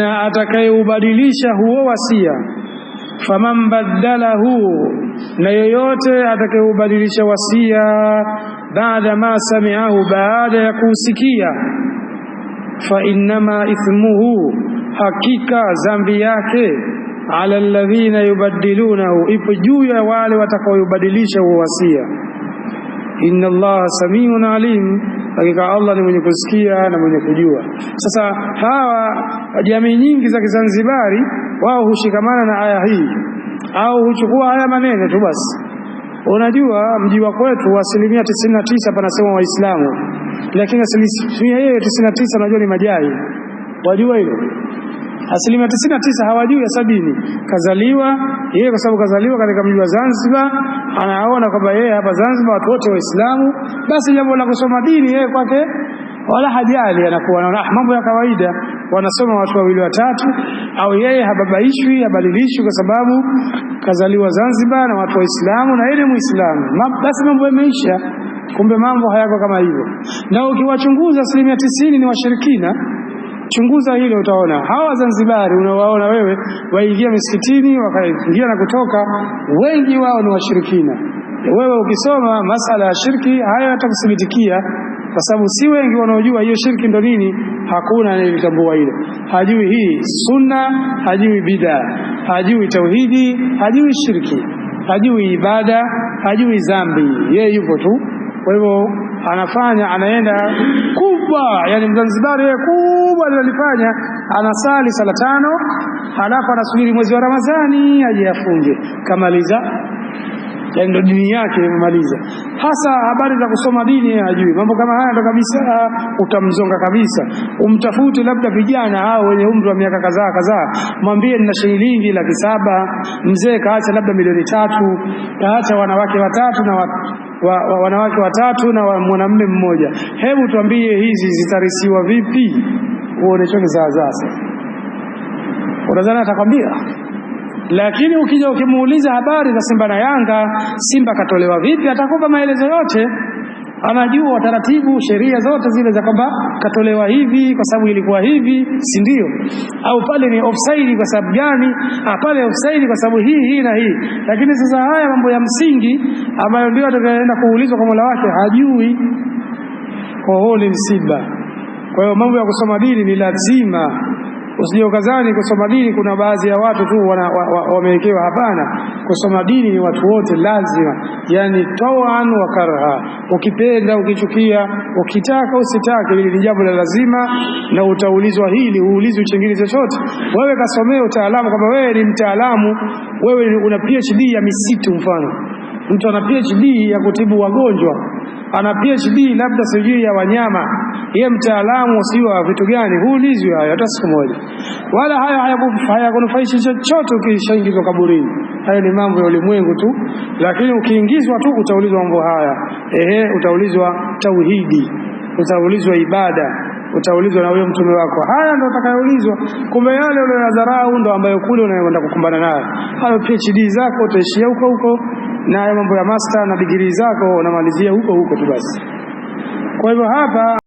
na atakayeubadilisha huo wasia, faman baddalahu, na yeyote atakayeubadilisha wasia, baada ma sami'ahu, baada ya kuusikia, fa innama ithmuhu, hakika dhambi yake ala alladhina yubaddilunahu, ipo juu ya wale watakaoubadilisha huo wasia. Inna Allaha samiun alim hakika Allah ni mwenye kusikia na mwenye kujua. Sasa hawa jamii nyingi za Kizanzibari wao hushikamana na aya hii au huchukua haya maneno tu basi. Unajua, mji wa kwetu asilimia tisini na tisa panasema Waislamu, lakini asilimia hiyo tisini na tisa unajua ni majai, wajua hilo asilimia tisini na tisa hawajui ya sabini. Kazaliwa yeye, kwa sababu kazaliwa katika mji wa Zanzibar, anaona kwamba yeye hapa Zanzibar watu wote Waislamu, basi jambo la kusoma dini yeye kwake wala hajali, anakuwa anaona ah, mambo ya kawaida, wanasoma watu wawili watatu, au yeye hababaishwi habadilishwi, kwa sababu kazaliwa Zanzibar na watu Waislamu na yeye ni Muislamu, basi mambo yameisha. Kumbe mambo hayako kama hivyo, na ukiwachunguza asilimia tisini ni washirikina Chunguza hilo utaona. Hawa Wazanzibari unawaona wewe waingia misikitini wakaingia na kutoka, wengi wao ni washirikina. Wewe ukisoma masala ya shirki haya yatakuthibitikia kwa sababu si wengi wanaojua hiyo shirki ndo nini. Hakuna anayelitambua hilo, hajui hii sunna, hajui bid'a, hajui tauhidi, hajui shirki, hajui ibada, hajui dhambi, yeye yupo tu. Kwa hivyo anafanya anaenda ku kubwa, yani Mzanzibari yeye kubwa alilolifanya anasali sala tano, halafu anasubiri mwezi wa Ramadhani aje afunge, kamaliza yani ndio dini yake imemaliza. Hasa habari za kusoma dini hajui, mambo kama haya ndo kabisa ah, utamzonga kabisa. Umtafute labda vijana hao wenye umri wa miaka kadhaa kadhaa, mwambie nina shilingi laki saba, mzee kaacha labda milioni tatu, kaacha wanawake watatu na wa, wa, wanawake watatu na wa, mwanamume mmoja. Hebu tuambie hizi zitarisiwa vipi? Uonechoke zaazaa sasa, unadhani atakwambia lakini ukija ukimuuliza habari za Simba na Yanga, Simba katolewa vipi, atakupa maelezo yote anajua taratibu, sheria zote zile za kwamba katolewa hivi kwa sababu ilikuwa hivi, si ndio? Au pale ni offside kwa sababu gani? Ah, pale offside kwa sababu hii hii na hii. Lakini sasa haya mambo ya msingi ambayo ndio atakayoenda kuulizwa kwa Mola wake hajui, kwa huo ni msiba. Kwa hiyo mambo ya kusoma dini ni lazima Usije ukazani kusoma dini kuna baadhi ya watu tu wamewekewa. Hapana, kusoma dini ni watu wote lazima, yani tawan wa karha, ukipenda ukichukia, ukitaka usitake, ili ni jambo la lazima, na utaulizwa hili, uulizi chingine chochote. Wewe kasomea utaalamu, kwamba wewe ni mtaalamu, wewe una PhD ya misitu. Mfano mtu ana PhD ya kutibu wagonjwa, ana PhD labda sijui ya wanyama yeye mtaalamu si vitu gani, huulizwi hayo hata siku moja, wala hayo hayakunufaishi chochote. Ukishaingizwa kaburini, hayo ni mambo ya ulimwengu tu, lakini ukiingizwa tu utaulizwa mambo haya. Ehe, utaulizwa tauhidi, utaulizwa ibada utaulizwa na huyo mtume wako. Haya ndio utakayoulizwa. Kumbe yale ule uliyodharau ndio ambayo kule unaenda kukumbana nayo. Hayo PhD zako utaishia huko huko, na hayo mambo ya master na digrii zako unamalizia huko huko tu basi. Kwa hivyo hapa